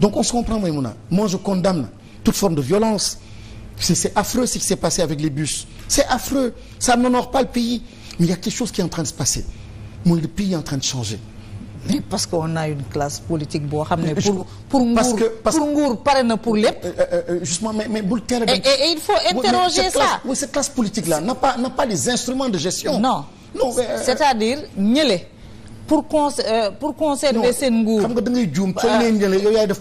donc on se comprend Maïmouna moi je condamne toute forme de violence c'est c'est affreux ce qui s'est passé avec les bus c'est affreux ça n'honore pas le pays mais il y a quelque chose qui est en train de se passer mooy le pays est en train de changer mais parce que on a une classe politique boo xam ne pour pour nguur pour nguur pare na pour lépp. Euh, euh, euh, justement mais mais bul teel a. et et il faut interroger ça. oui cette classe politique là n'a pas n'a pas les instruments de gestion. non non c'est-à-dire ñële. pour con euh, pour conserver seen nguur. xam nga da juum soo nee njële yow yaay def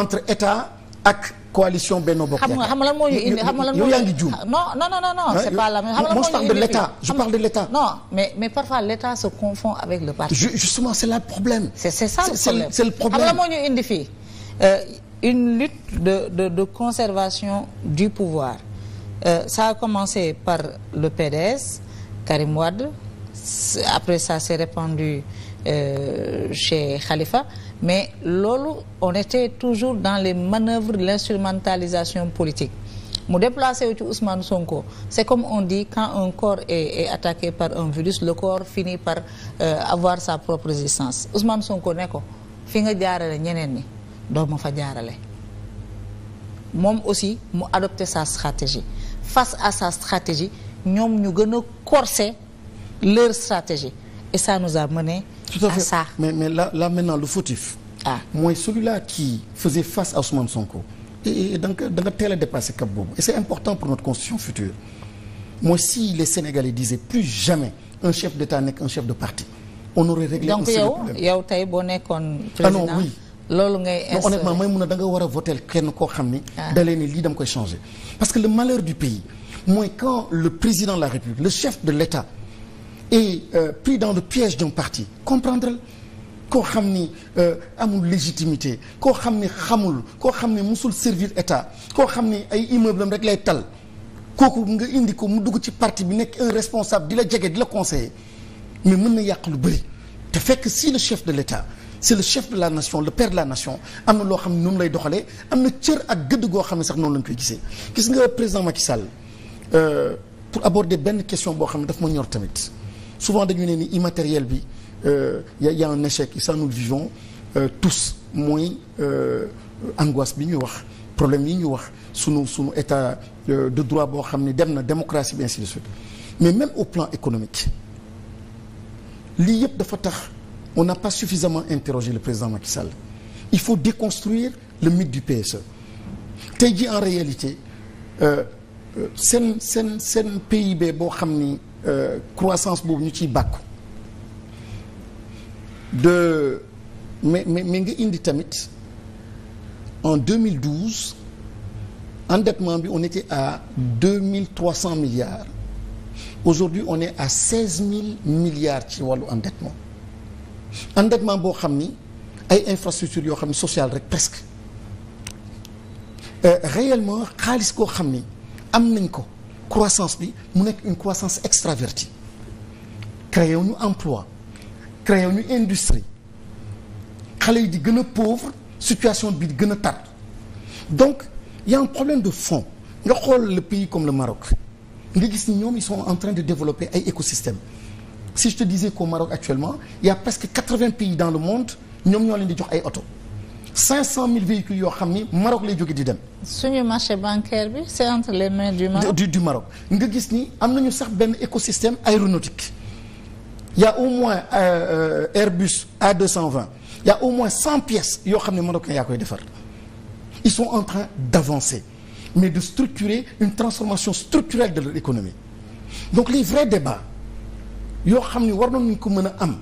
entre état ak. coalition Benno Bokk Yaakaar xam nga lan moo ñu indi xam nga lan moo ñu yaa ngi juum ah, c'est pas la même xam nga lan moo ñu indi moi je parle de l'État je parle de l'État non mais mais parfois l'État se confond avec le parti c'est là le problème c'est c'est le problème euh, une lutte de de de conservation du pouvoir euh, a commencé par le PDS Karim Wade après ça s'est répandu euh, chez Khalifa mais loolu on était toujours dans les manœuvres de l'instrumentalisation politique mu déplacé wu ci Ousmane Sonko c'est comme on dit quand un corps est, est attaqué par un virus le corps finit par euh, avoir sa propre résistance Ousmane Sonko ne ko fi nga jaarale ñeneen ñi doo ma fa jaarale moom aussi mu adopté sa stratégie face à sa stratégie ñoom ñu gën a corsé leur stratégie et ça nous a mené Tout à, fait. à mais mais là là maintenant le fautif ah mooy celui-là qui faisait face à Ousmane Sonko et da nga da nga teel a dépassé cap boobu et c'est important pour notre constitution future mooy si les Sénégalais disaient plus jamais un chef d'État nekk un chef de parti on aurait réglé donc tey boo nekkoon président ah non oui loolu ngay non honnêtement may mun a da nga war a kenn koo xam ni ah. dalee ni lii dama koy changer parce que le malheur du pays le président de la République le chef de l'État et euh, pris dans le piège d'un parti comprendre la koo xam ni euh, amul légitimité koo xam ni xamul koo xam ni mosul servir état koo xam ni ay immeuble am rek lay tal kooku nga indi ko mu dugg ci parti bi nekk un responsable di la jege di la conseiller mais mën na yàq lu bëri te fekk si le chef de l'état c'est le chef de la nation le per de la nation am na loo xam ne noonu lay doxalee am na cër ak gëdd goo xam ne sax noonu lañ koy gisee gis nga président Macky Sall euh, pour aborder benn question boo xam ne daf ma ñor tamit souvent dañu ne ni immatériel bi euh, y a y a un échec ça nous vivons euh, tous mooy euh, angoisse bi ñuy wax problème yi ñuy wax sunu sunu état de droit boo xam ne dem na démocratie bi ainsi mais même au plan économique lii yëpp dafa tax on n'a pas suffisamment interrogé le président Macky Sall il faut déconstruire le mythe du PSE tey jii en réalité seen seen seen PIB boo xam ni Euh, croissance boobu ñu ciy bàkku de mais mais mais nga indi tamit en 2012 endettement bi on était à 2300 milliards aujourd'hui on est à 16000 milliards ci wàllu endettement endettement boo xam ni ay infrastructures yoo xam ni sociale rek presque euh, réellement xaalis koo xam ni am nañ ko croissance bi mu nekk une croissance extravertie créé wu ñu emploi créé wu ñu industrie xale yi di gën a pauvre situation bi di gën a tar donc y a un problème de fond nga xool le pays comme le Maroc nga gis ni ñoom ils sont en train de développer ay écosystèmes si je te disais qu'au Maroc actuellement il y a presque quatre pays dans le monde ñoom ñoo leen di jox ay oto 500000 véhicules yoo xam ni Maroc lay jóge di dem. suñu marché bancaire bi c'est entre les mains du Maroc. du, du Maroc nga gis ni am nañu sax benn écosystème aéronautique y a au moins euh, euh Airbus A220 y au moins 100 pièces yoo xam ne marocain yaa koy defar il sont en train d'avancer mais de structurer une transformation structurelle de leur économie donc les vrais débats yoo xam ne waroon nañ ko mën a am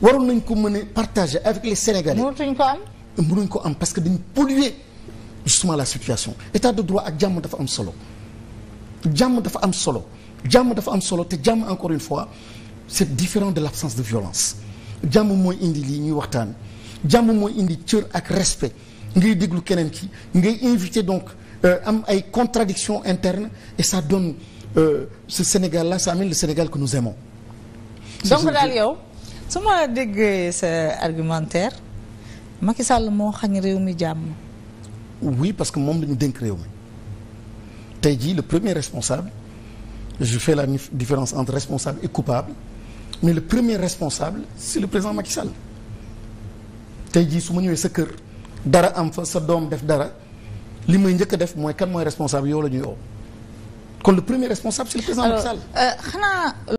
waroon nañ ko mën a partager avec les Sénégalais. mënatuñ ko am. mënuñ ko am parce que dañu polluer justement la situation état de droit ak jàmm dafa am solo jàmm dafa am solo jàmm dafa am solo te jàmm encore une fois c'est différent de l'absence de violence jàmm mooy indi lii ñuy waxtaan jàmm mooy indi cër ak respect ngay déglu keneen ki ngay invité donc euh, am ay contradictions interne et ça donne euh, ce Sénégal là ça amène le Sénégal que nous aimons donc daal yow su ma déggee sa argumentaire Macky Sall moo xañ réew mi jàmm. oui parce que moom la ñu dénk réew mi tey jii le premier responsable je fais la différence entre responsable et coupable mais le premier responsable c'est le président Macky Sall tey jii su ma ñëwee sa kër dara am fa sa doom def dara li may njëkk def mooy kan mooy responsable yow la ñuy woo kon le premier responsable c'est le président Macky euh, xanaa